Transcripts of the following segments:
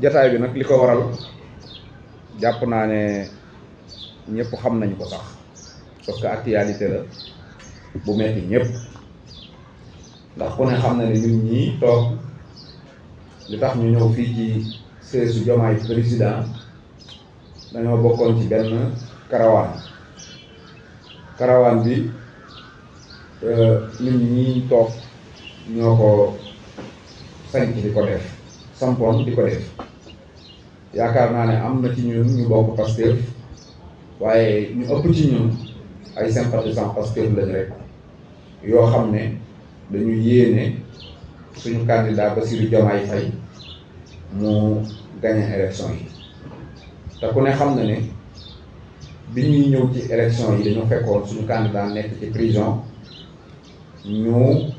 jataay bi nag li ko waral jàpp naa ne ñépp xam nañu ko sax parce que actualité la bu metti ñëpp ndax ku ne xam na ne ñun ñii toog li tax ñu ñëw fii ci seesu Diomaye président dañoo bokkoon ci benn karawaan karawaan bi ñun euh, ñii toog ñoo ko sanc di ko def sampoon di ko def yaakaar naa ne am na ci ñun ñu bokk Pastef waaye ñu ëpp ci ñun ay sympathisants Pastef lañ rek yoo xam ne dañu yéene suñu candidat Bassirou Diomaye Faye mu gagné élection yi te ku ne xam na ne bi ñuy ñëw ci élection yi dañu fekkoon suñu candidat nekk ci prison ñu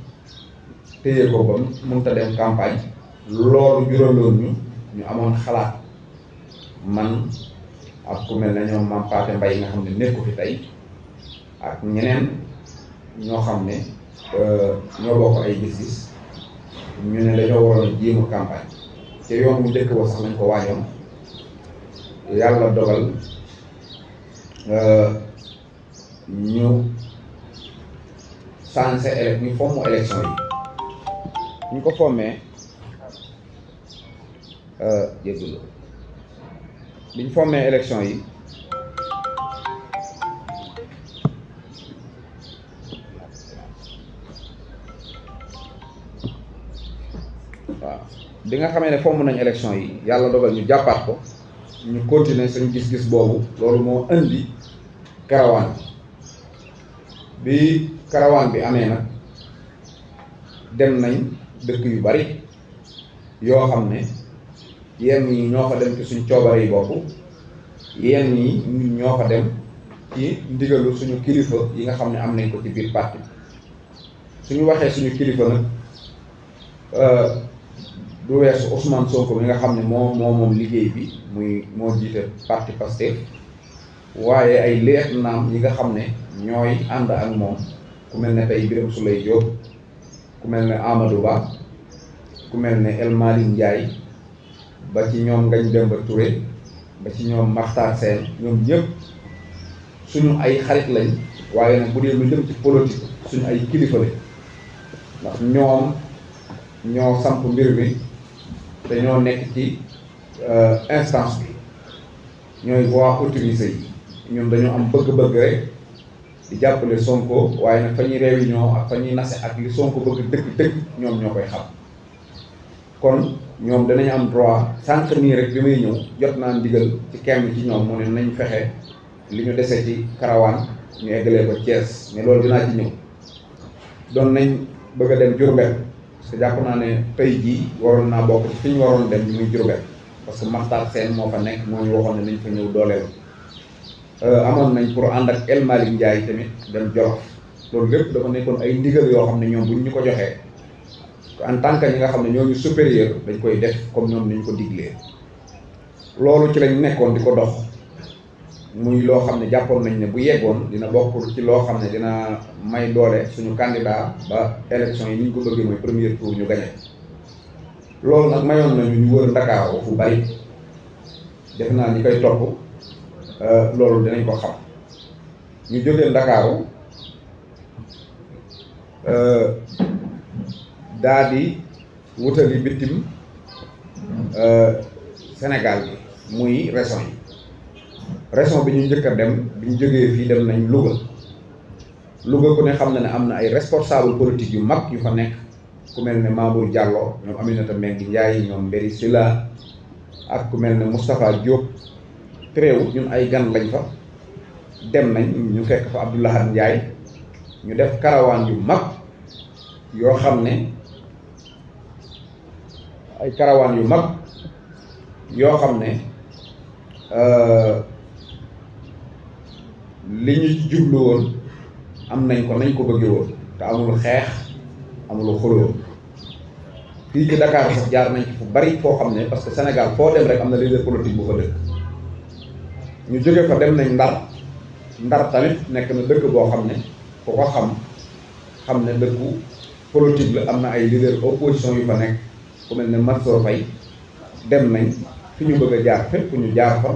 téye ko ba mënut a dem campagne loolu juraloon ñu ñu amoon xalaat man ak ku mel ne ñoom maam Paate Mbay nga xam ne nekku fi tey ak ñeneen ñoo xam ne euh, ñoo bokk ay gis ñu ne dañoo waroon a jéem a campagne te yoon bu dëkk ba sax lañ ko waajoon yàlla dogal euh, ñu sancé élec ñu fomm élection yi ñu ko fommee euh, jéggul biñ fommee élection yi waaw bi nga xamee ne fomm nañ élection yi yàlla dogal ñu jàppaat ko ñu continuer suñ gis-gis boobu loolu moo indi karawaan bi bi karawaan bi amee nag dem nañ dëkk yu bari yoo xam ne yenn yi ñoo fa dem ci suñ coobare yi bopp yenn yi ñun ñoo fa dem ci ndigalu suñu kilifa yi nga xam ne am nañ ko ci biir parti suñu waxee suñu kilifa nag euh, du weesu Ousmane Sonko mi nga xam ne moo moom liggéey bi muy moo jiite parti Pastef waaye ay leex naam yi nga xam ne ñooy ànd ak moom ku mel ne tey Birame Souleye Diop ku mel ni Amadou Ba ku mel ni El Malick Ndiaye ba ci ñoom Ngagne Demba Touré ba ci ñoom Makhtar Sène ñoom ñëpp suñu ay xarit lañ waaye nag bu dee lu jëm ci politique suñu ay kilifa lañ ndax ñoom ñoo samp mbir mi te ñoo nekk ci euh, instance bi ñooy voix autorisée yi ñoom dañoo am bëgg-bëgg rek di jàppale Sonko waaye nag fa ñuy réunion ak fa ñuy nase ak li Sonko bëgg dëgg dëgg ñoom ñoo koy xam kon ñoom danañ am droit sànq nii rek bi may ñëw jot naa ndigal ci kenn ci ñoom mu ne nañ fexe li ñu dese ci karawaan ñu eggalee ko Thiès mais loolu dinaa ci ñëw doon nañ bëgg a dem Diourbel parce que jàpp naa ne tey jii waroon naa bokk ci fi ñu waroon dem ñu muy Diourbel parce que Makhtar Sène moo fa nekk moo ñu waxoon ne nañ fa ñëw dooleel Euh, amoon nañ pour ànd ak El Malick tamit dem Jolof loolu lépp dafa nekkoon ay ndigal yoo xam ne ñoom bu ñu ko joxee en tant que ñi nga xam ne ñooñu supérieur dañ koy def comme ñoom ni ñu ko diglee loolu ci lañ nekkoon di ko dox muy loo xam ne jàppoon nañ ne bu yeggoon dina bokk ci loo xam ne dina may doole suñu candidat ba élection yi ni ñu ko bëggee mooy premier tour ñu gañe loolu nag mayoon nañu ñu wër Ndakaaru fu bari def naa ñi koy topp Euh, loolu dinañ ko xam ñu jógee Ndakaaru euh, daadi di wutali bitim euh, Sénégal bi muy région yi région bi ñu njëkk a dem bi ñu jógee fii dem nañ Louga Louga ku ne xam na ne am na ay responsable politique yu mag yu fa nekk ku mel ne Mamour Diallo ñoom Aminata Mbengue Ndiaye ñoom Mbéri Sylla ak ku mel ne Moustapha Diop tereewul ñun ay gan lañ fa dem nañ ñu fekk fa Abdoulahan Ndiaye ñu def karawaan yu mag yoo xam ne ay karawaan yu mag yoo xam ne euh, li ñu jublu woon am nañ ko nañ ko bëggee woon te amul xeex amul xuloo fii ci Dakar sax jaar nañ ci fu bari foo xam ne parce que Sénégal foo dem rek am na leader politique bu fa dëkk ñu jóge fa dem nañ ndar ndar tamit nekk na dëkk boo xam ne ku ko xam xam ne dëkku politique la am na ay leader opposition yu fa nekk ku mel ne Mansour Faye dem nañ fi ñu bëgg a jaar fépp ñu jaar fa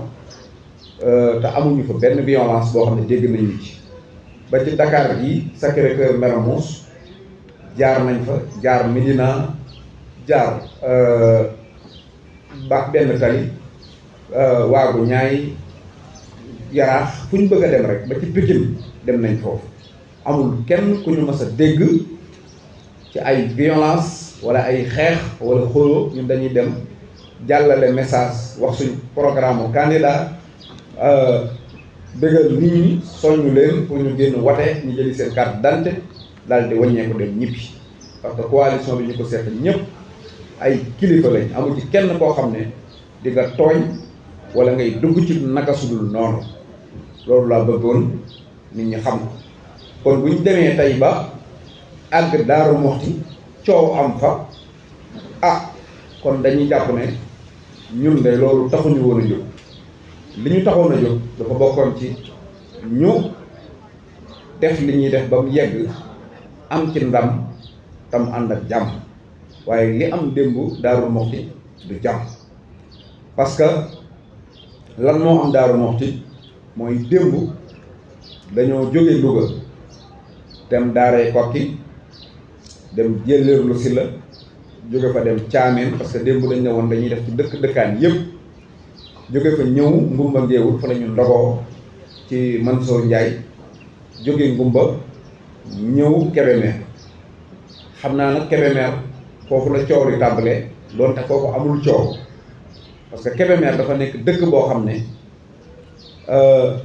euh, te amuñu fa benn violence boo xam ne dégg nañu ci ba ci Dakar gii Sacré-Cœur Mermoz jaar nañ fa jaar Médina jaar euh, ba benn tali euh, waagu ñaay yaraax fu ñu bëgg a dem rek ba ci Pikine dem nañ foofu amul kenn ku ñu mës dégg ci ay violence wala ay xeex wala xóoloo ñun dañuy dem jàllale message wax suñ programme mu candidat bëggal euh, nit ñi soññu leen pour ñu génn wate ñu jëli seen carte d'identité daal di wàññeeku dem ñibbi parce que coalition bi ñu ko seet ñëpp ay kilifa lañ amul ci kenn koo xam ne di nga tooñ wala ngay dugg ci naka sudul noonu loolu laa bëggoon nit ñi xam ko kon bu ñu demee tey ba àgg Daaru Muxti coow am fa ah kon dañuy jàpp ne ñun de loolu taxuñu woon jóg li ñu taxoon a jóg dafa bokkoon ci ñu def li ñuy def ba mu yegg am ci ndam tam ànd ak jàmm waaye li am démb Daaru Muxti du jàmm parce que lan moo am Daaru Muxti mooy démb dañoo jóge Louga dem daaree kokki dem jëlleerlu si la jóge fa dem caameen parce que démb dañu ne woon dañuy def ci dëkk dëkkaan yëpp jóge fa ñëw ngumba ngéewul fa la ñu ndogoo ci Mansour Ndiaye jóge ngumba ñëw Kébémer xam naa nag Kébémer foofu la coow li tàmbalee doonte foofu amul coow parce que Kébémer dafa nekk dëkk boo xam ne Euh,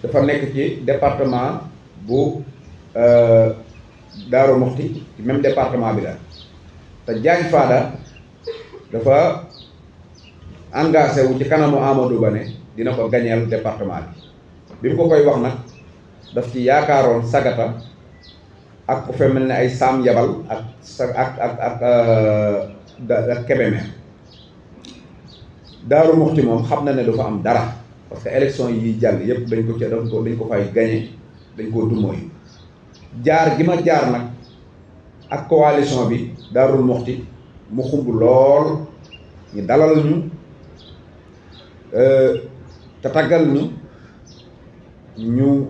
dafa nekk ci département bu euh, Daaru Muxti ci même département bi la te Diagne Fada dafa engagé wu ci kanamu Amadou Ba ne dina ko gañeel département bi bi mu ko koy wax nag daf ci yaakaaroon sagata ak ku mel ne ay saam yabal ak sa ak ak ak euh, ak Daaru Muxti moom xam na ne du am dara parce que élection yi jàll yépp dañ ko ca dañ ko dañ ko fay gañe dañ koo dumóoyu jaar gi ma jaar nag ak coalition bi Daarul Muxti mu xumb lool ñu dalal ñu euh, te taggal ñu ñu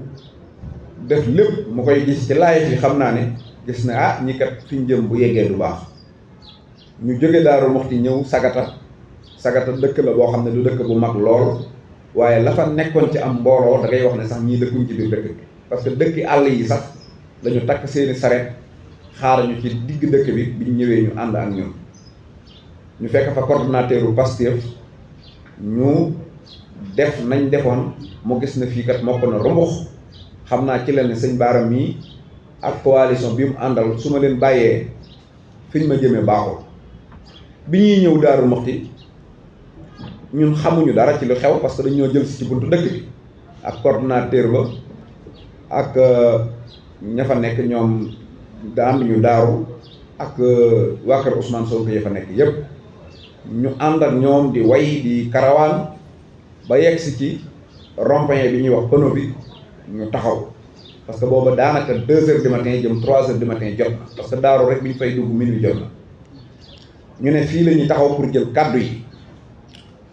def lépp mu koy gis ci live yi xam naa ne gis na ah ñi kat fi ñu jëm bu yeggee du baax ñu jóge Daarul Muxti ñëw sagata sagata dëkk la boo xam ne du dëkk bu mag lool waaye la nekkoon ci am mbooloo da wax ne sax ñii dëkkuñ ci biir dëkk bi parce que dëkki àll yi sax lañu takk seeni saret xaarañu ci digg ndëkk bi biñ ñëwee ñu ànd ak ñoom ñu fekk fa coordonnateur u Pastef ñu def nañ defoon mu gis na fii kat mokk na rumbux xam naa ci la ne sëñ baaram mii ak coalition bi mu àndal su ma leen bàyyee fiñ ma jëmee baaxul bi ñuy ñëw daaru maxti ñun xamuñu dara ci lu xew parce que dañoo jël si ci buntu dëkk bi ak coordonnateur ba ak euh, ña fa nekk ñoom daan ñu daaru ak euh, waa kër Ousmane Sonko ya fa nekk yépp ñu ànd ak ñoom di way di karawaan ba yegg si ci rond-point bi ñuy wax pono bi ñu taxaw parce que booba daanaka deux heures du matin jëm trois heures du matin jot na parce que daaru rek bi ñu fay dugg minuit jot na ñu ne fii la ñuy taxaw pour jël kàddu yi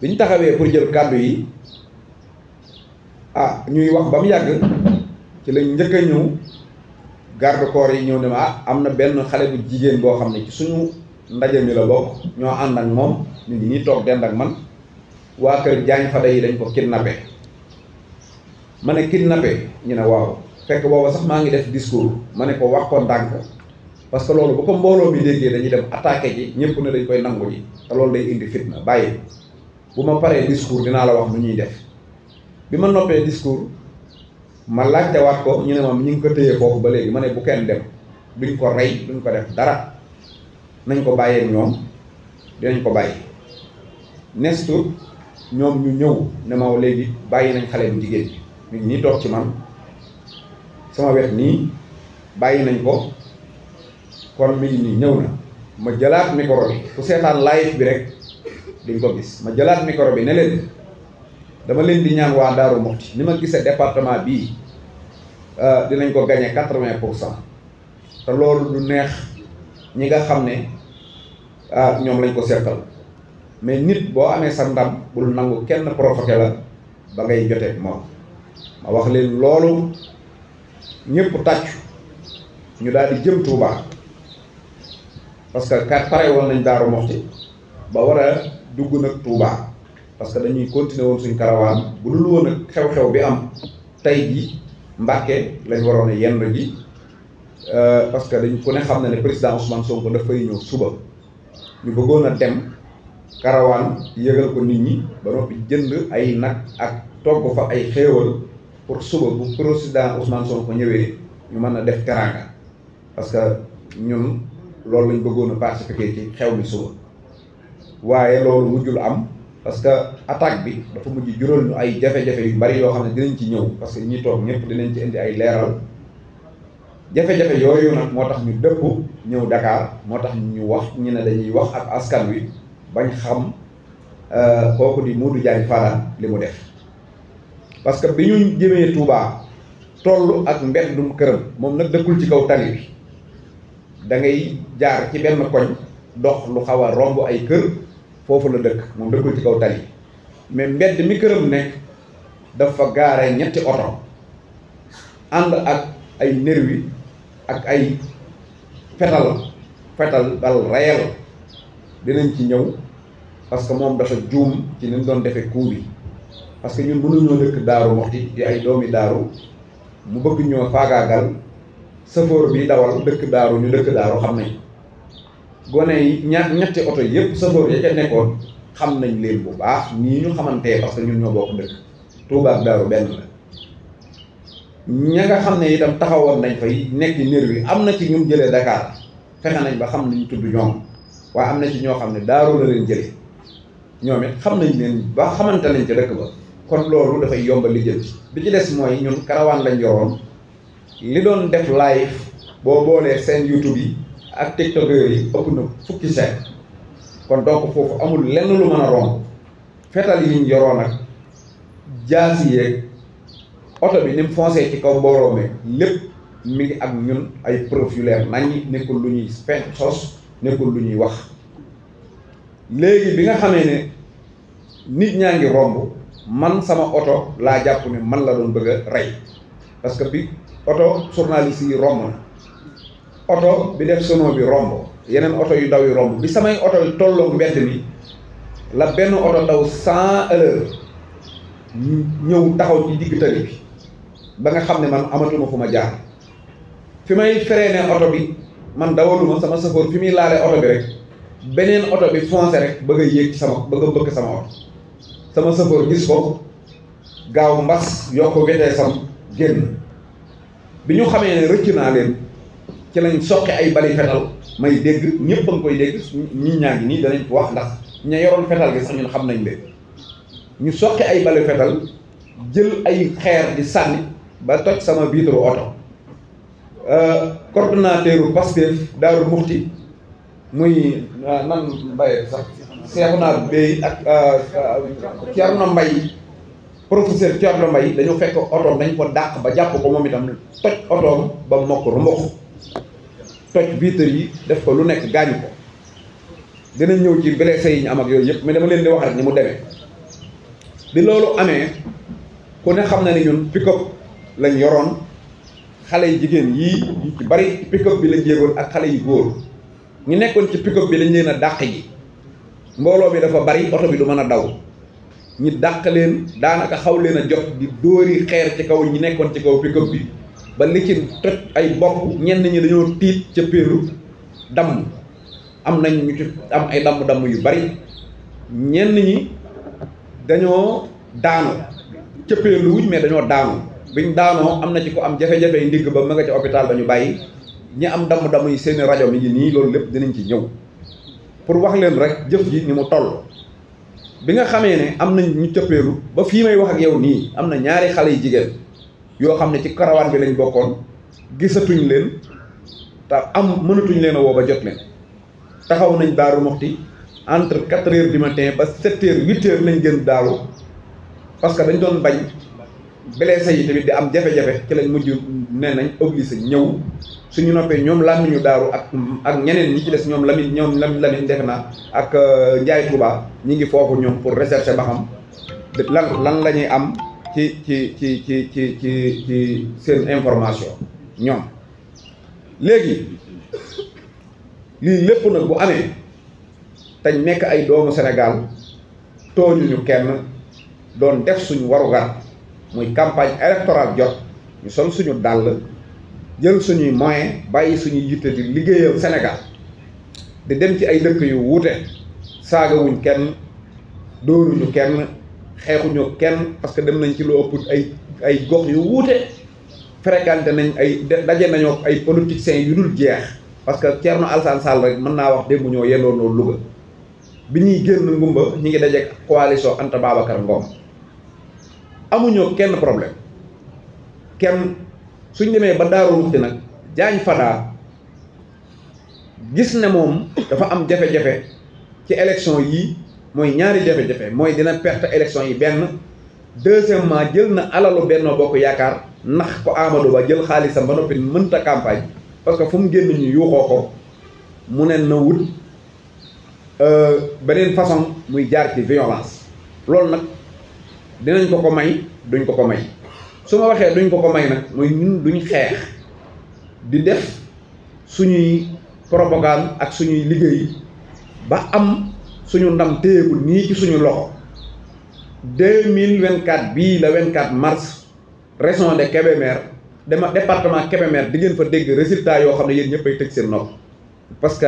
bi ñu taxawee pour jël kàddu yi ah ñuy wax ba mu yàgg ci lañ njëkk a ñëw garde corps yi ñëw ne ma ah am na benn xale bu jigéen boo xam ne ci suñu ndaje mi la bokk ñoo ànd ak moom ñu ngi toog dend ak man waa kër Diagne Fada yi dañ ko kidnappé ma ne kidnappé ñu ne waaw fekk booba sax maa ngi def discours ma ne ko wax ko ndànk parce que loolu bu ko mbooloo mi déggee dañuy dem attaqué ji ñëpp ne dañ koy nangu ji te loolu day indi fitna bàyyi. bu ma paree discours dinaa la wax lu ñuy def bi ma noppee discours ma laajte wax ko ñu ne ma ñu ngi ko téye foofu ba léegi ma ne bu dem bu ñu ko rey duñ ko def dara nañ ko bàyyeek ñoom dinañ ko bàyyi nestu ñoom ñu ñëw ne ma léegi bàyyi nañ xale bu jigéen bi ñu ñi toog ci man sama wet nii bàyyi nañ ko kon mi ngi ñëw na ma jëlaat micro bi ku seetaan live bi rek di nga ko gis ma jëlaat micro bi ne leen dama leen di ñaan waa Daaru Muxti ni ma gisee département bii euh, dinañ ko gagné quatre-vingt pour cent te loolu du neex ñi nga xam ne ah ñoom lañ ko seqal mais nit boo amee sa ndam bul nangu kenn provoqué la ba ngay jotee moom ma wax leen loolu ñëpp tàccu ñu daal di jëm Touba parce que kat pare woon nañ Daaru Muxti ba war dugg nag Touba parce que dañuy continuer woon suñ karawaan bu dul woon ak xew-xew bi am tey ji Mbàkke lañ waroon a yenn ji euh, parce que dañ ku ne xam na ne président Ousmane Sonko dafay ñëw suba ñu bëggoon a dem karawaan yëgal ko nit ñi ba noppi jënd ay nag ak togg fa ay xéewal pour suba bu président Ousmane Sonko ñëwee ñu mën a def teranga parce que ñun loolu lañ bëggoon a participer ci xew mi suba waaye loolu mujjul am parce que attaque bi dafa mujj jural ñu ay jafe-jafe yu bari yoo xam ne dinañ ci ñëw parce que ñi toog ñëpp dinañ ci indi ay leeral jafe-jafe yooyu nag moo tax ñu dëpp ñëw dakaar moo tax ñu wax ñu ne dañuy wax ak askan wi bañ xam euh, kooku di Modou Diagne Fada li mu def parce que bi ñu jëmee Touba toll ak mu këram moom nag dëkkul ci kaw tali bi da ngay jaar ci benn koñ dox lu xaw romb ay kër foofu la dëkk moom dëkkul ci kaw tali mais mbedd mi këram nekk dafa gaare ñetti oto ànd ak ay nervi ak ay fetal fetal bal rayal dinañ ci ñëw parce que moom dafa juum ci ni mu doon defee coup bi parce que ñun mënuñoo dëkk daaru waxti di ay doomi daaru mu bëgg ñoo faagaagal safoor bii dawal dëkk daaru ñu dëkk daaru xam nañ gone yi ña ñetti oto yëpp safoor ya ca nekkoon xam nañ leen bu baax nii ñu xamantee parce que ñun ñoo bokk dëkk Touba ak Daaru benn la ña nga xam ne itam taxawoon nañ fay nekk nér bi am na ci ñum jëlee Dakar fexe nañ ba xam nañ tudd ñoom waaye am na ci ñoo xam ne Daaru la leen jëlee ñoom it xam nañ leen ba xamante nañ ca dëkk ba kon loolu dafay yomba li jël bi ci des mooy ñun karawaan lañ yoroon li doon def live boo boolee seen YouTube yi ak tiktok yi ëpp na fukki seet kon donc foofu amul lenn lu mën a romb fetal yi ñu ak jaasi oto bi ni mu ci kaw mbooloo mi lépp mi ngi ak ñun ay preuve yu leer lu ñuy fen sos lu ñuy wax léegi bi nga xamee nit ñaa ngi romb man sama oto laa jàpp ne man la doon bëgg rey parce que bi oto journaliste yi romb na oto bi def sono bi romb yeneen oto yu daw yu romb bi samay oto yu tolloog mbedd mi la benn oto daw cent à ñëw taxaw ci digg tali bi ba nga xam ne man amatuma fu ma jaar fi may feree ne oto bi man dawaluma sama safoor fi muy laale oto bi rek beneen oto bi foncé rek bëgg a yéeg sama bëgg a bëgg sama oto sama safoor gis ko gaaw mbas yokk vitesse am génn bi ñu xamee ne rëcc naa leen ci lañ soqe ay bali fetal may dégg ñëpp a koy dégg ñi ñaa ngi nii danañ ko wax ndax ña yoroon fetal gi sax ñun xam nañ leen ñu soqe ay bali fetal jël ay xeer di sànni ba toj sama vitre oto euh, coordonnateur Pastef Daaru Muxti muy euh, nan Mbaye sax seexu naa bay ak euh, Thierno Mbaye professeur Thierno Mbaye dañoo fekk otoom dañ ko dàq ba jàpp ko moom itam toj otoom ba mokk rumbux toj vitres yi def ko lu nekk gaañu ko dinañ ñëw ci blessé yi ñu am ak yooyu yëpp mais dama leen di wax rek ni mu demee di loolu amee ku ne xam na ne ñun pick-up lañ yoroon xale yi jigéen yii yu ci bari pick bi lañ yéegoon ak xale yu góor ñu nekkoon ci pick bi lañ leen a dàq ji mbooloo mi dafa bari oto bi du mën a daw ñi dàq leen daanaka xaw leen a jot di dóori xeer ci kaw ñi nekkoon ci kaw pick-up bi ba li ci toj ay bopp ñenn ñi dañoo tiit ca damm am nañ ñu ci am ay damm-damm yu bari ñenn ñi dañoo daanu ca péeru wuñ mais dañoo daanu biñ daanoo am na ci ko am jafe-jafe ndigg ba ma nga ca hôpital ba ñu bàyyi ñi am damm-damm yi seeni rajo mi ngi nii loolu lépp dinañ ci ñëw pour wax leen rek jëf ji ni mu toll bi nga xamee ne am nañ ñu cëppeelu ba fii may wax ak yow nii am na ñaari xale yu jigéen yoo xam ne ci karawaan bi lañu bokkoon gisatuñ leen te am mënatuñ leen a woo ba jot leen taxaw nañ daaru moxti entre quatre heures du matin ba sept heures huit heures lañ gën daalu parce que dañ doon bañ blessé yi tamit di am jafe-jafe ci lañ mujj ne nañ obligé ñëw suñu noppee ñoom làmmiñu daaru ak ak ñeneen ñi ci des ñoom lamin ñoom lamin lamin defe naa ak euh, njaay Touba ñi ngi foofu ñoom pour rechercher ba xam lan lan la ñuy am ci ci ci ci ci ci ci seen information ñoom léegi lii lépp nag bu amee tañ nekk ay doomu senegal Sénégal ñu kenn doon def suñu warugar muy campagne électorale jot ñu sol suñu dàll jël suñuy moyen bàyyi suñuy yitte di liggéeyal Sénégal di dem ci ay dëkk yu wuute saagawuñ kenn dóoruñu kenn xeexuñoo kenn parce que dem nañ ci lu ëpp ay ay gox yu wuute fréquenté nañ ay daje nañoo ay politiciens yu dul jeex parce que Thierno Alassane Sall rek mën naa wax démb ñoo yendoonoo Louga bi ñuy génn ngumba ñu ngi daje coalition Anta Babacar Ngom amuñoo kenn problème kenn suñ demee ba Daaru Muxti nag Diagne Fada gis ne moom dafa am jafe-jafe ci élection yii mooy ñaari jafe-jafe mooy dina perte élection yi benn deuxièmement jël na alalu Benno Bokk Yaakaar nax ko Amadou Ba jël xaalisam ba noppi mënta campagne parce que fu mu génn ñu yuuxoo ko mu ne na wut euh, beneen façon muy jaar ci violence loolu nag dinañ ko ko may duñ ko ko may su ma waxee duñ ko ko may nag mooy ñun duñ xeex di def suñuy propagande ak suñuy liggéey ba am suñu ndam téyeegul nii ci suñu loxo deux mille vingt quatre bii la vingt quatre mars région de Kébémer dama département Kébémer di ngeen fa dégg résultat yoo xam ne yéen ñëpp ay tëj seen nopp parce que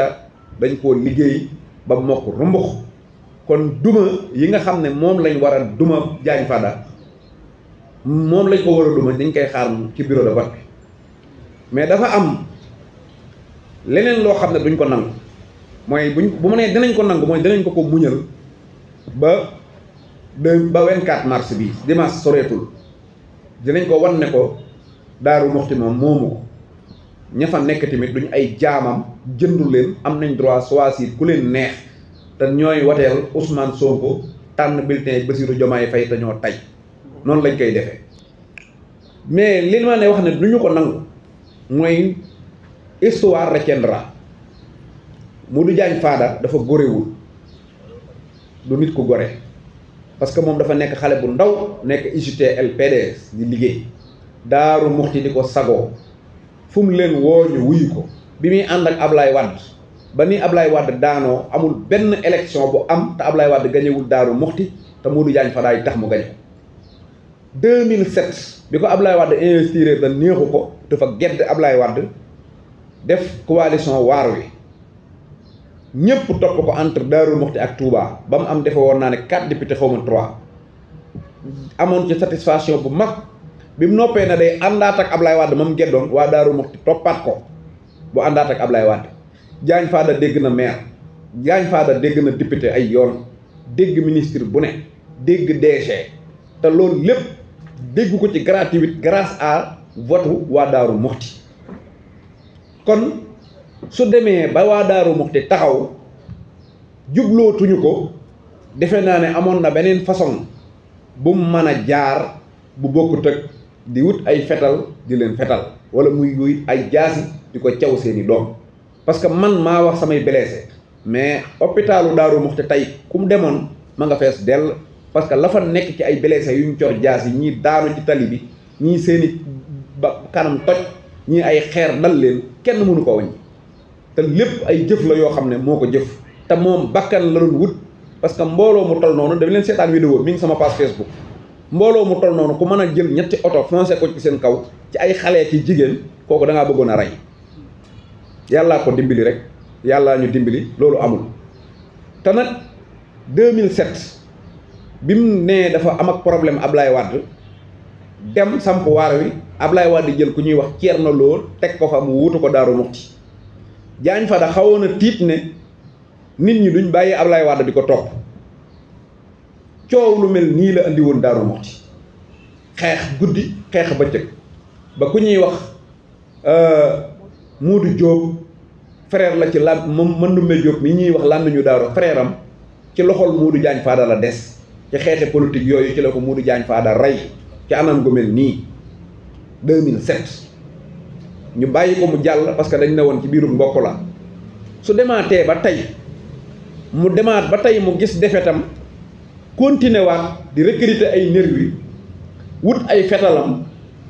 dañ koo liggéey ba mokk rumbux kon duma yi nga xam ne moom lañ war a duma Diagne Fada moom lañ ko war a duma dañ koy xaar ci bureau de bi mais dafa am leneen loo xam ne duñ ko nangu. mooy buñ bu ma nee dinañ ko nangu mooy dinañ ko ko muñal ba de ba 24 mars bii dimanche soreetul dinañ ko wan ne ko daaru moxti moom moomu ko ña fa nekk tamit duñ ay jaamam jëndu leen am nañ droit choisir ku leen neex te ñooy wateel Ousmane Sonko tànn bulletin Bassirou Diomaye fay te ñoo tay noonu lañ koy defee mais li wax ne du ñu ko nangu mooy histoire retiendra Modou jaañ Fada dafa góorewul du nit ku gore parce que moom dafa nekk xale bu ndaw nekk UJTL PDS di liggéey daaru muxti di ko sagoo fu mu leen woo ñu wuyu ko bi muy ànd ak Ablaye Wade ba ni Ablaye Wade daanoo amul benn élection bu am te Ablaye wàdd gañewul daaru moxti te Modou Diagne Fada yi tax mu gañe 2007 bi ko Ablaye wàdd investir da neexu ko dafa gedd Ablaye Wade def coalition waar wi ñëpp topp ko entre Daaru Muxti ak Touba ba mu am defe woon naa ne quatre députés xaw ma trois amoon ci satisfaction bu mag bi mu noppee na day àndaat ak Ablaye Wade ma mu geddoon waa Daaru Muxti toppaat ko bu àndaat ak Ablaye Wade Diagne Fada dégg na maire Diagne Fada dégg na député ay yoon dégg ministre bu ne dégg DG te lool lépp déggu ko ci gratuite grâce à votu waa Daaru Muxti kon su demee ba waa Daaru Muxti taxaw jublootuñu ko defe naa ne amoon na beneen façon bu mën a jaar bu bokkut ak di wut ay fetal di leen fetal wala muy wut ay jaasi di ko caw seeni doom parce que man maa wax samay blessé mais hôpitalu Daaru Muxti tey ku mu demoon ma nga fees dell parce que la nekk ci ay blessé yuñ cor jaasi ñii daanu ci tali bi ñii seeni ba kanam toj ñii ay xeer dal leen kenn mënu ko wañ te lépp ay jëf la yoo xam ne moo ko jëf te moom bakkan la doon wut parce que mbooloo mu tol noonu dama leen seetaan vidéo mi ngi sama page Facebook mbooloo mu tol noonu ku mën a jël ñetti oto foncé ko ci seen kaw ci ay xale ci jigéen kooku da ngaa bëggoon a rey yàllaa ko dimbili rek yàllaa ñu dimbali loolu amul te nag 2007 bi mu nee dafa am ak problème Ablaye Wade dem samp waar wi Ablaye Wade jël ku ñuy wax na lool teg ko fa mu wutu ko Daaru Muxti jaañ Fada xawoon a tiit ne nit ñi duñ bàyyi Ablaye Wade di ko topp coow lu mel nii la andi woon Daaru Muxti xeex guddi xeex bëccëg ba ku ñuy wax euh, Moodu Diop frère la ci lan moom Mandoumbe Diop mi ñuy wax lan nañu daaru frère am ci loxol Moodu Diagne Fada la des ci xeexe politique yooyu ci la ko Moodu Diagne Fada rey ci anam gu mel nii 2007 ñu bàyyi ko mu jàll parce que dañ ne woon ci biirum mbokk la su demaatee ba tey mu demaat ba tey mu gis defetam continué waat di recruter ay nervi wut ay fetalam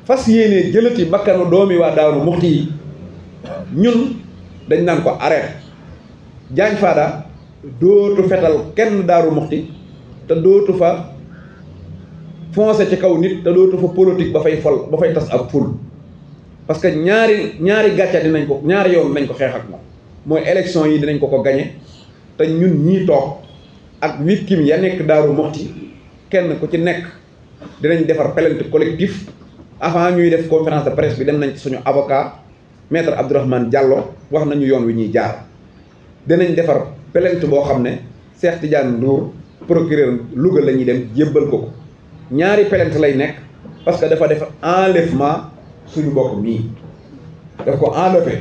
fas yéene jëlati bakkanu doomi waa Daaru Muxti yi ñun dañ naan ko arrêté Diagne Fada dootu fetal kenn Daaru Muxti te dootu fa foncé ci kaw nit te dootu fa politique ba fay fol ba fay tas ab ful parce que ñaari ñaari gàcca dinañ ko ñaari yoon nañ ko xeex ak moom mooy élection yi dinañ ko ko gañe te ñun ñii toog ak victime ya nekk Daaru Moxti kenn ku ci nekk dinañ defar plainte collectif avant ñuy def conférence de bi dem nañ ci suñu avocat maître Abdourahmane Diallo wax nañu yoon wi ñuy jaar dinañ defar plainte boo xam ne Cheikh Tidiane Ndour procureur Louga la ñuy dem jébbal ko ko ñaari plainte lay nekk parce que dafa def enlèvement suñu bokk mii daf ko enlevé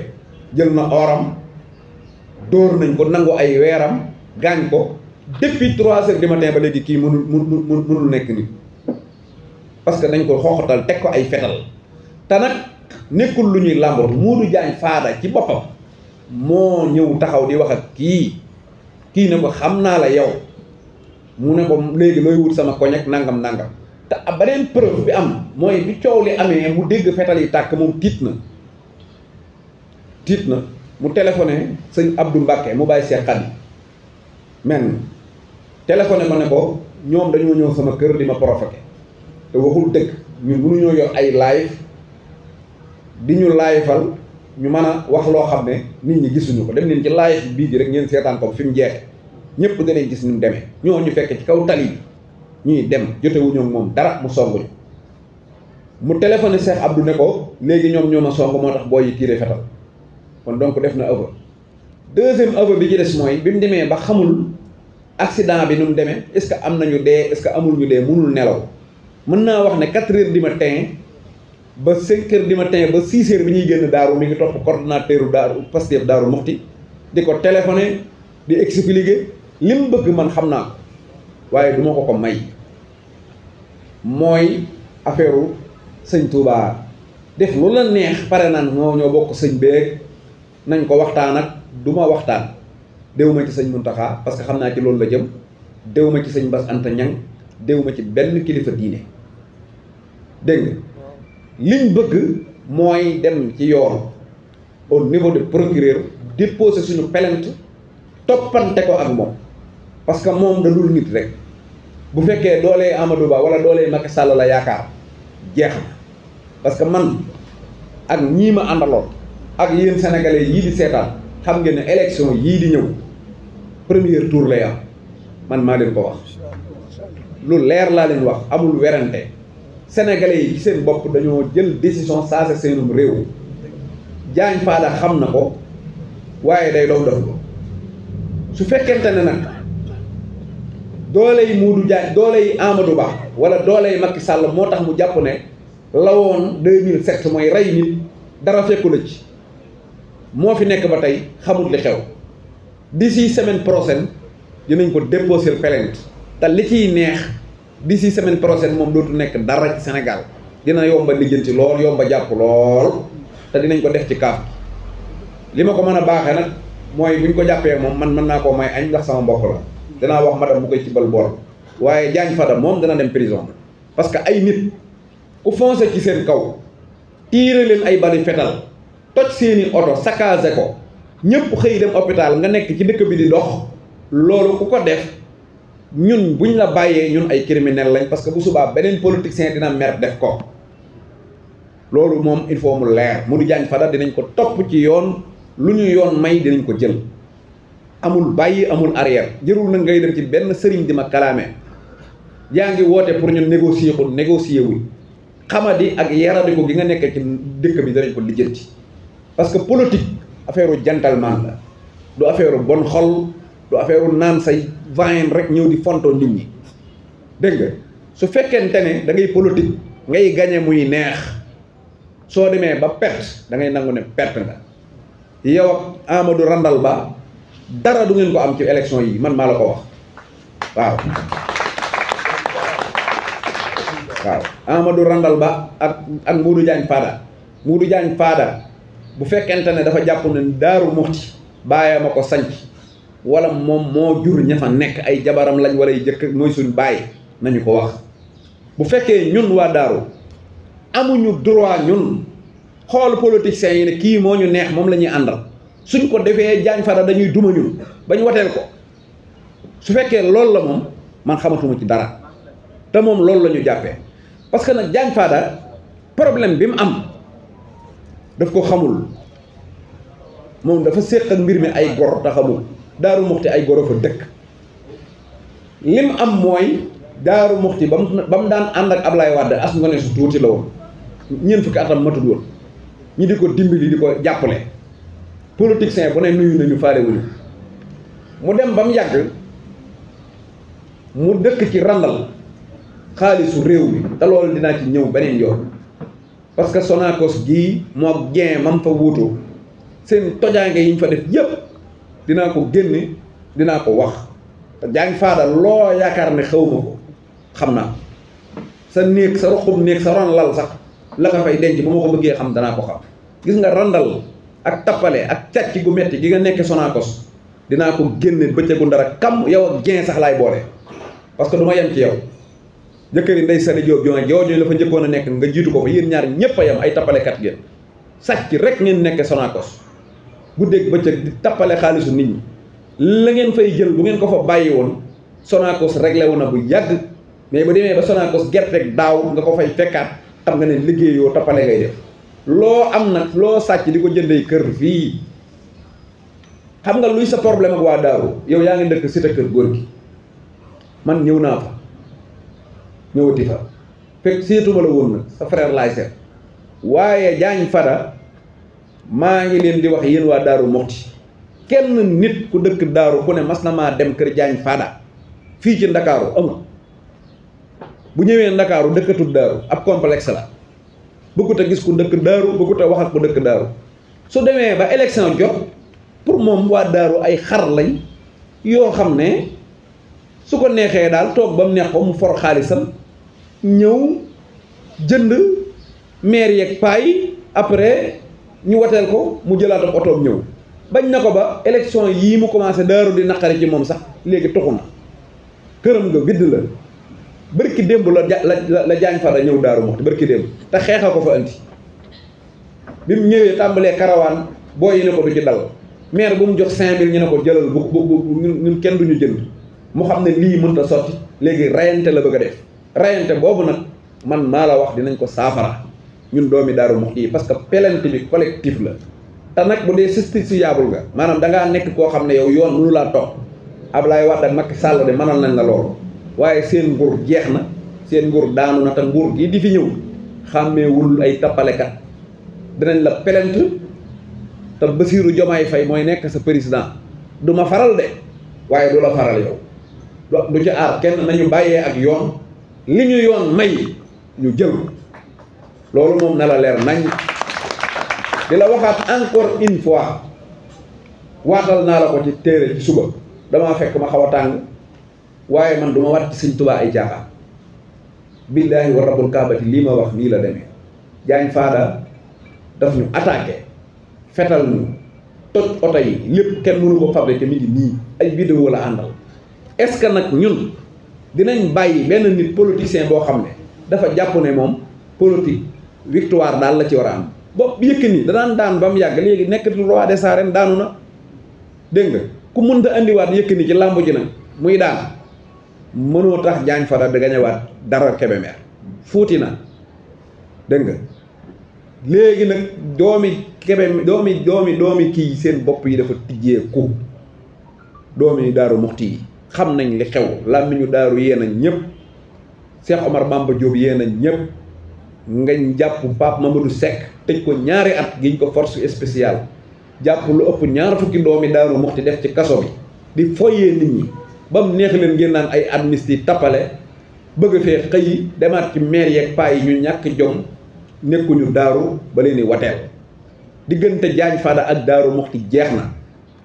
jël na oram dóor nañ ko nangu ay weeram gaañ ko depuis trois heures du ma ba léegi kii mënul mënul mënul nekk nit parce que dañ ko xooxatal teg ko ay fetal te nag nekkul lu ñuy làmbur Modou Diagne Fada ci boppam moo ñëw taxaw di wax ak kii kii ne ko xam naa la yow mu ne ko léegi looy wut sama koñ ak nangam nangam te beneen preuve bi am mooy bi coow li amee mu dégg fetal yi tàkk moom tiit na tiit na mu téléphoné sëñ Abdou Mbacke mu bàyyi Cheikh Khady men téléphoné ko ne ko ñoom dañoo ñëw sama kër di ma provoqué te waxul dëgg ñun mënuñoo yor ay live di ñu liveal ñu mën a wax loo xam ne nit ñi gisuñu ko dem leen ci live bii ji rek ngeen seetaan ko fi mu jeexe ñëpp danañ gis mu demee ñoo ñu fekkee ci kaw tali bi ñuy dem jotewuñu moom dara mu song ñu mu téléphoné Cheikh Abdou ne ko léegi ñoom ñoo ma song moo tax booy yi tiire fetal kon donc def na aveu deuxième aveu bi ci des mooy bi mu demee ba xamul accident bi nu mu demee est ce que am nañu dee est que amul ñu dee mënul nelaw mën naa wax ne quatre heures du matin ba cinq heures du matin ba six heures bi ñuy génn daaru mi ngi topp coordonnateur daaru Pastef daaru Muxti di ko téléphoné di expliqué li mu bëgg man xam naa ko waaye du ma ko ko mooy affaire sëñ Touba def lu la neex pare naan moo ñoo bokk sëñ beeg nañ ko waxtaan ak du ma waxtaan déw ma ci sëñ Muntaxa parce que xam naa ci loolu la jëm déw ma ci sëñ Bas Anta Ñang déw ma ci benn kilifa diine dégg liñ bëgg mooy dem ci yoon au niveau de procureur déposer suñu plainte toppante ko ak moom parce que moom da dul nit rek bu fekkee doolee Amadou Ba wala doolee Macky Sall la yaakaar jeex na parce que man ak ñii ma àndaloon ak yéen sénégalais yii di seetaan xam ngeen ne élection yii di ñëw premier tour lay am man maa leen ko wax lu leer laa leen wax amul werante sénégalais yi ci seen bopp dañoo jël décision saase seenum réew jaañ faada xam na ko waaye day dof dof ko su fekkente ne nag doole yi Modou Diagne doole yi Amadou Ba wala doole yi Macky Sall moo tax mu jàpp ne la woon lawoon 2007 mooy rey nit dara fekku la ci moo fi nekk ba tey xamul li xew d'ici semaine prochaine dinañ ko déposer plainte te li fiy neex d'ici semaine prochaine moom dootu nekk dara ci Sénégal dina yomba lijjanti lool yomba jàpp lool te dinañ ko def ci kaaf li ma ko mën a baaxee nag mooy ñu ko jàppee moom man mën naa koo may añ ndax sama mbokk la danaa wax madame bu koy ci bal boor waaye Diagne Fada moom dana dem prison parce que ay nit ku foncé ci seen kaw tiire leen ay bali fetal toj seeni oto saccagé ko ñëpp xëy dem hôpital nga nekk ci dëkk bi di dox loolu ku ko def ñun buñ la bàyyee ñun ay criminel lañ parce que bu subaa beneen politicien dina mer def ko loolu moom il faut mu leer Modou Diagne Fada dinañ ko topp ci yoon lu ñu yoon may dinañ ko jël amul bàyyi amul arrière jërul na ngay dem ci benn sëriñ di ma kalaame yaa ngi woote pour ñu négocier ko négocier wuñ xamadi ak yaradi ko gi nga nekk ci dëkk bi danañ ko lijjanti parce que politique affaire gentleman la du affaire bon xol du affaire naan say vayen rek ñëw di fonto nit ñi dégg su fekkente ne da ngay politique ngay gañe muy neex soo demee ba pert da ngay nangu ne perte nga yow ak Amadou Ba dara du ngeen ko am ci élection yi man maa la ko wax waaw waaw Amadou Randal Ba ak ak Modou Diagne Fada Modou Diagne bu fekkente ne dafa jàpp ne Daaru Muxti bàyyam a ko sanc wala moom moo jur ña fa nekk ay jabaram lañ wala ay jëkk mooy suñu bàyyi nañu ko wax bu fekkee ñun waa Daaru amuñu droit ñun xool politiciens yi ne kii moo ñu neex moom la ñuy àndal suñ ko defee jaañ fada dañuy duma ñun bañ wateel ko su fekkee loolu la moom man xamatuma ci dara te moom loolu la ñu jàppee parce que nag jaañ fada problème bi mu am daf ko xamul moom dafa séq ak mbir mi ay gor te xamul daaru muxti ay goro fa dëkk lim am mooy daaru muxti ba mu ba mu daan ànd ak lay Wade as ngone su tuuti la woon ñeent fukki atam matut woon ñi di ko dimbali di ko jàppale politicien bu ne nuyu nañu faale wuñu mu dem ba mu yàgg mu dëkk ci randal xaalisu réew mi te loolu dinaa ci ñëw beneen yoon parce que Sonacos gii moo gen mam fa wuutoo seen tojaange yi ñu fa def yépp dinaa ko génn dinaa ko wax te jaa ngi faada loo yaakaar ne xaw ko xam naa sa néeg sa ruqum néeg sa ron sax la ka fay denc bu ma ko bëggee xam danaa ko xam gis nga randal ak tappale ak càcc gu metti gi nga nekk Sonacos dinaa ko génne bëccëgu ndara kam yow ak gain sax laay boole parce que du ma yem ci yow jëkkëri Ndeye Saly Diop yoo jooju la fa njëkkoon a nekk nga jiitu ko fa yéen ñaar ñëpp a yem ay tappalekat ngeen sàcc rek ngeen nekk Sonacos guddeeg bëccëg di tappale xaalisu nit ñi la ngeen fay jël bu ngeen ko fa bàyyi woon Sonacos réglé woon na bu yàgg mais ba demee ba Sonacos gerteeg daaw nga ko fay fekkaat xam nga ne liggéey tappale ngay def loo am nag loo sàcc di ko jëndee kër fii xam nga luy sa problème waa daaru yow yaa ngi dëkk cité kër góor gi man ñëw naa fa ñëwati fa fekk seetuma la woon nag sa frère laay seet waaye jaañ fada maa ngi leen di wax yéen waa daaru moxti kenn nit ku dëkk daaru ku ne mas na maa dem kër jaañ fada fii ci ndakaaru amul bu ñëwee ndakaaru dëkkatul daaru ab complexe la bëggut a gis ku dëkk daaru bëggut a ko dëkk daaru su demee ba élection jot pour moom waa daaru ay xar lañ yoo xam ne su ko neexee daal toog ba mu neex ko mu for xaalisam ñëw jënd maire yeeg paay après ñu wateel ko mu jëlaat ak otoom ñëw bañ na ko ba élection yii mu commencé daaru di naqari ci moom sax léegi tuxu na këram nga vidd la bërki démb la la la jaañ fara ñëw daaru moxti bërki démb te xeexal ko fa anti bi mu ñëwee tàmbalee karawaan boo yi ne ko du ci dal maire bu mu jox cinq mille ñu ne ko jëlal bu bu ñun kenn duñu jënd mu xam ne lii mënta sotti léegi rayante la bëgg a def rayante boobu nag man maa la wax dinañ ko saafara ñun doomi daaru moxti yi parce que plainte bi collectif la te nag bu dee justiciable nga maanaam dangaa nekk koo xam ne yow yoon mënu laa topp ab Wade ak Macky Sall de mënal nañ la loolu waaye seen nguur jeex na seen nguur daanu na te nguur gi di fi ñëw xàmmeewul ay tappalekat dinañ la pelent te Basiiru Jomaay Fay mooy nekk sa président du ma faral de waaye du la faral yow du ci aar kenn nañu bàyyee ak yoon li ñu yoon may ñu jël loolu moom na la leer nañ di la waxaat encore une fois waatal naa la ko ci téere ci suba damaa fekk ma xaw tàng waaye man du ma waat ci sëñ tubaa ay caaxaan billaahi wa rabbul kaabati lii ma wax nii la demee jaañ faada daf ñu attaqué fetal ñu toj oto yi lépp kenn mënu ko fabriqué mi ngi nii ay vidéo la àndal est-ce que nag ñun dinañ bàyyi benn nit politicien boo xam ne dafa jàpp ne moom politique victoire daal la ci war a am bopp Yékini danaan daan ba mu yàgg léegi nekkatul roi des arènes daanu na dégg nga ku mën a andiwaat Yékini ci làmb ji nag muy daan mënoo tax jaañ Fada da gañewaat dara Kébémer fuuti na dégg nga léegi nag doomi Kébémer doomi doomi doomi kii seen bopp yi dafa tijjeeku doomi daaru moxti yi xam nañ li xew làmmiñu daaru yee nañ ñëpp Cheikh Omar Bamba Diop yee nañ ñëpp ngañ jàpp Pape Mamadou sekk tëj ko ñaari at giñ ko force spéciale jàpp lu ëpp ñaar fukki doomi daaru muxti def ci kaso bi di foyee nit ñi ba mu neex leen ngeen naan ay amnistie tappale bëgg fee xëy demaat ci maire yeeg paa yi ñu ñàkk jom nekkuñu daaru ba leen di wateel diggante Diagne Fada ak Daaru Muxti jeex na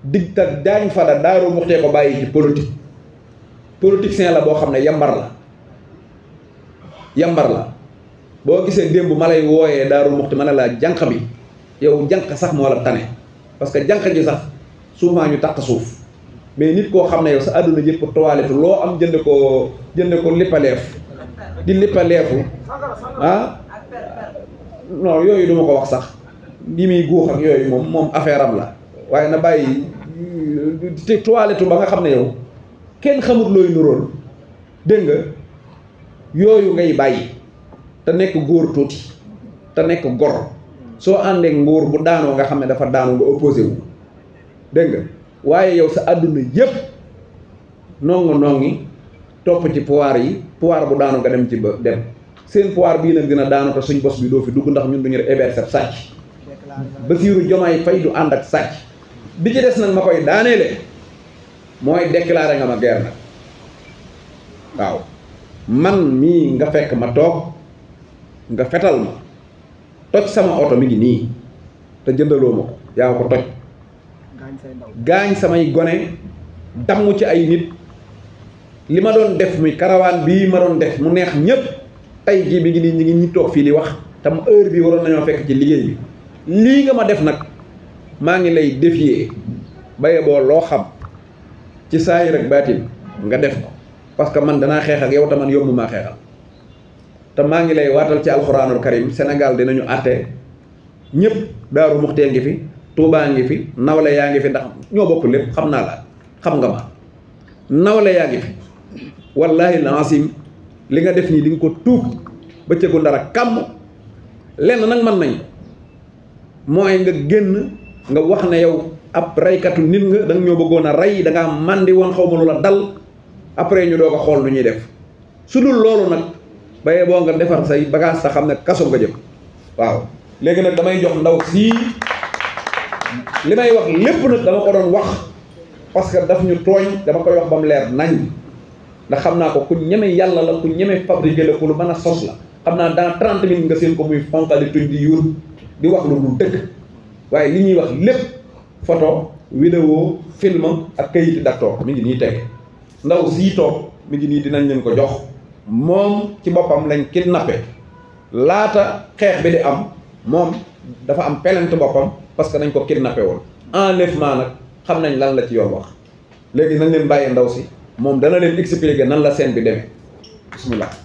digg ta Diagne Fada Daaru Muxtee ko bàyyi ci politique politicien la boo xam ne yambar la yambar la boo gisee démb ma lay wooyee Daaru Muxti ma ne la jànq bi yow jànq sax moo la tane parce que jànq ji sax souvent ñu taq suuf mais nit koo xam ne yow sa àdduna yëpp toilette loo am jënd ko jënd ko lippaleef di lippaleefu ah non yooyu duma ko wax sax li muy guux ak yooyu moom moom affaire am la waaye na bàyyi te toilette ba nga xam ne yow kenn xamut looy nuróol dégg nga yooyu ngay bàyyi te nekk góor tuuti te nekk gor soo àndeek nguur bu daanoo nga xam ne dafa daanoo nga opposé wu dégg nga waaye yow sa àdduna yépp nongu nongi topp ci pouvoir yi pouvoir bu daanu nga dem ci ba dem seen pouvoir bii nag dina daanu te suñ bos bi doo fi dugg ndax ñun duñu héberger sàcc Basiiru Jomaay Fay du ànd ak sàcc bi ci des nag ma koy daaneele mooy déclaré nga ma guerre nag waaw man mii nga fekk ma toog nga fetal ma toj sama oto mi ngi nii te jëndaloo ma ko yaa ko toj gaañ samay gone damm ci ay nit li ma doon def muy karawaan bii ma doon def mu neex ñépp tey jii bi ngi nii ñi ngi ñu toog fii li wax tam heure bii waroon nañoo fekk ci liggéey bi lii nga ma def nag maa ngi lay défier baye boo loo xam ci saa yi rek nga def ko parce que man danaa xeex ak yow te man maa xeexal te maa ngi lay waatal ci alxuraanul karim Sénégal dinañu àtte ñëpp daaru muxtee ngi fi Touba ngi fi nawle yaa ngi fi ndax ñoo bokk lépp xam naa la xam nga ma nawle yaa ngi fi wallahi lancim li nga def nii di ko tuub ba cëgu ndara kàmm lenn nag man nañ mooy nga génn nga wax ne yow ab reykatu nit nga da ñoo bëggoon a rey da ngaa màndi woon xaw ma la dal après ñu doo ko xool lu ñuy def su dul loolu nag baye boo nga defar say bagage sa xam ne kaso nga jëm waaw léegi nag damay jox ndaw sii li may wax lépp nag dama ko doon wax parce que daf ñu tooñ dama koy wax ba mu leer nañ ndax xam naa ko ku ñeme yàlla la ku ñeme fabriqué la ku lu mën a sos la xam naa dans trente minutes nga seen ko muy fonkali tuñ di yuur di wax lu mu dëgg waaye li ñuy wax lépp photo vidéo film ak kayiti daktoor mi ngi nii teg ndaw sii toog mi ngi nii dinañ leen ko jox moom ci boppam lañ kidnappé laata xeex bi di am moom dafa am pelent boppam parce que dañ ko kidnappé woon enlèvement nag xam nañ lan la ci yoon wax léegi nañ leen bàyyi ndaw si moom dana leen expliquer nan la seen bi demee bismillah